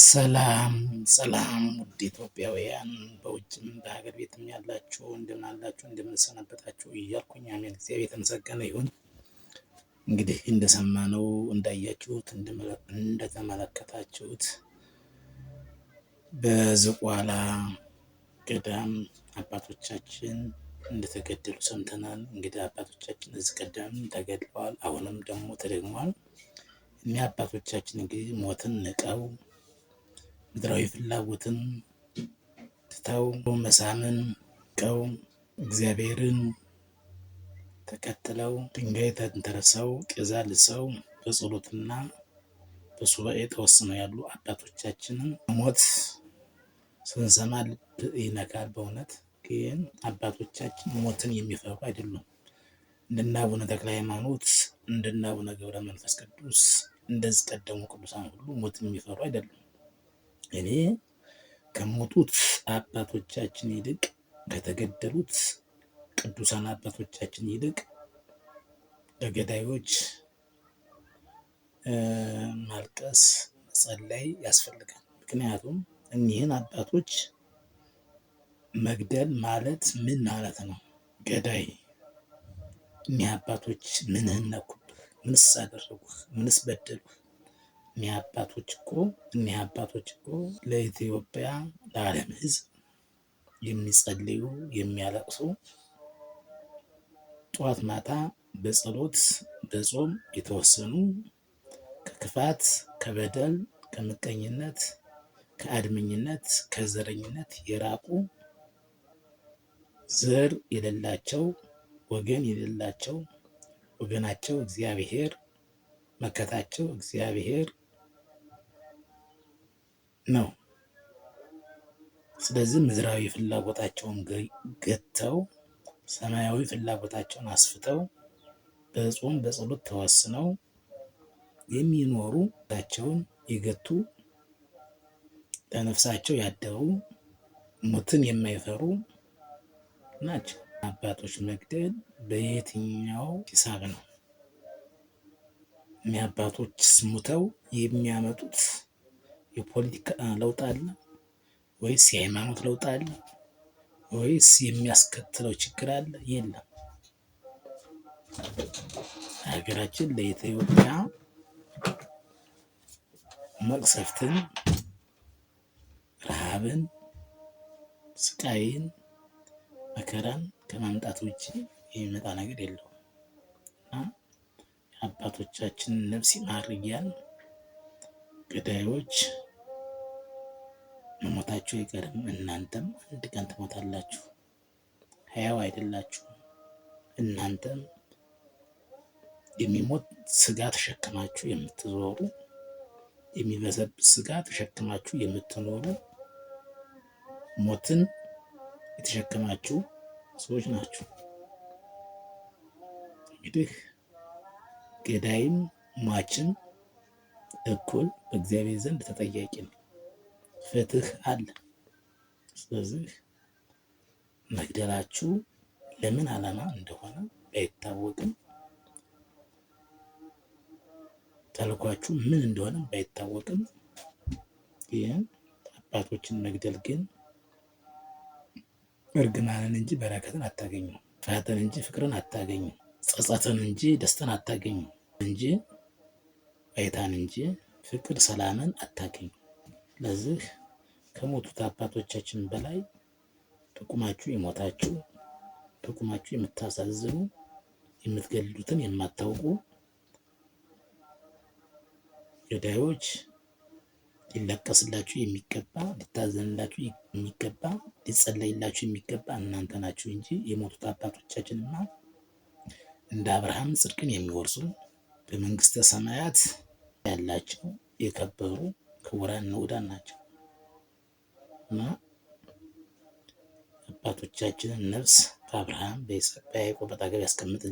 ሰላም ሰላም ውድ ኢትዮጵያውያን በውጭም በሀገር ቤትም ያላችሁ እንደምን አላችሁ እያልኩኝ አሜን። እግዚአብሔር የተመሰገነ ይሁን። እንግዲህ እንደሰማነው እንዳያችሁት፣ እንደተመለከታችሁት በዝቋላ ገዳም አባቶቻችን እንደተገደሉ ሰምተናል። እንግዲህ አባቶቻችን እዚህ ቀደም ተገድለዋል፣ አሁንም ደግሞ ተደግሟል። እኒህ አባቶቻችን እንግዲህ ሞትን ንቀው ምድራዊ ፍላጎትን ትተው መሳምን ቀው እግዚአብሔርን ተከትለው ድንጋይ ተንተርሰው ጤዛ ልሰው በጸሎትና በሱባኤ ተወስነው ያሉ አባቶቻችንን ሞት ስንሰማ ልብ ይነካል። በእውነት ግን አባቶቻችን ሞትን የሚፈሩ አይደሉም። እንደነ አቡነ ተክለ ሃይማኖት፣ እንደነ አቡነ ገብረ መንፈስ ቅዱስ እንደዚህ ቀደሙ ቅዱሳን ሁሉ ሞትን የሚፈሩ አይደሉም። እኔ ከሞቱት አባቶቻችን ይልቅ ከተገደሉት ቅዱሳን አባቶቻችን ይልቅ ለገዳዮች ማልቀስ፣ መጸለይ ያስፈልጋል። ምክንያቱም እኒህን አባቶች መግደል ማለት ምን ማለት ነው? ገዳይ እኒህ አባቶች ምንህን ነኩብህ? ምንስ አደረጉህ? ምንስ በደሉህ? እኒህ አባቶች እኮ እኒህ አባቶች እኮ ለኢትዮጵያ ለዓለም ሕዝብ የሚጸልዩ የሚያለቅሱ ጠዋት ማታ በጸሎት በጾም የተወሰኑ ከክፋት ከበደል ከምቀኝነት ከአድመኝነት ከዘረኝነት የራቁ ዘር የሌላቸው ወገን የሌላቸው ወገናቸው እግዚአብሔር መከታቸው እግዚአብሔር ነው። ስለዚህ ምድራዊ ፍላጎታቸውን ገተው ሰማያዊ ፍላጎታቸውን አስፍተው በጾም በጸሎት ተወስነው የሚኖሩ ታቸውን የገቱ ለነፍሳቸው ያደሩ ሞትን የማይፈሩ ናቸው። አባቶች መግደል በየትኛው ሂሳብ ነው? አባቶች ስሙተው የሚያመጡት የፖለቲካ ለውጥ አለ ወይስ የሃይማኖት ለውጥ አለ ወይስ የሚያስከትለው ችግር አለ? የለም። ሀገራችን ለኢትዮጵያ መቅሰፍትን፣ ረሃብን፣ ስቃይን፣ መከራን ከማምጣት ውጭ የሚመጣ ነገር የለውም እና የአባቶቻችንን ነፍስ ይማር እያልን ገዳዮች መሞታችሁ አይቀርም፣ እናንተም አንድ ቀን ትሞታላችሁ። ሕያው አይደላችሁም። እናንተም የሚሞት ስጋ ተሸክማችሁ የምትዞሩ የሚበሰብስ ስጋ ተሸክማችሁ የምትኖሩ ሞትን የተሸከማችሁ ሰዎች ናችሁ። እንግዲህ ገዳይም ሟችም እኩል በእግዚአብሔር ዘንድ ተጠያቂ ነው። ፍትህ አለ። ስለዚህ መግደላችሁ ለምን ዓላማ እንደሆነ ባይታወቅም ተልኳችሁ ምን እንደሆነ ባይታወቅም ይህን አባቶችን መግደል ግን እርግማንን እንጂ በረከትን አታገኙ፣ ፍርሃትን እንጂ ፍቅርን አታገኙ፣ ጸጸትን እንጂ ደስታን አታገኙ እንጂ አይታን እንጂ ፍቅር ሰላምን አታገኙ። ለዚህ ከሞቱት አባቶቻችን በላይ ጥቁማችሁ የሞታችሁ ጥቁማችሁ የምታሳዝኑ የምትገድሉትን የማታውቁ ገዳዮች ሊለቀስላችሁ የሚገባ ሊታዘንላችሁ የሚገባ ሊጸለይላችሁ የሚገባ እናንተ ናችሁ እንጂ የሞቱት አባቶቻችንና እንደ አብርሃም ጽድቅን የሚወርሱ በመንግስተ ሰማያት ያላቸው የከበሩ ክቡራን ንዑዳን ናቸው። እና አባቶቻችንን ነፍስ ከአብርሃም በይስሐቅ በያዕቆብ አጠገብ ያስቀምጥልን።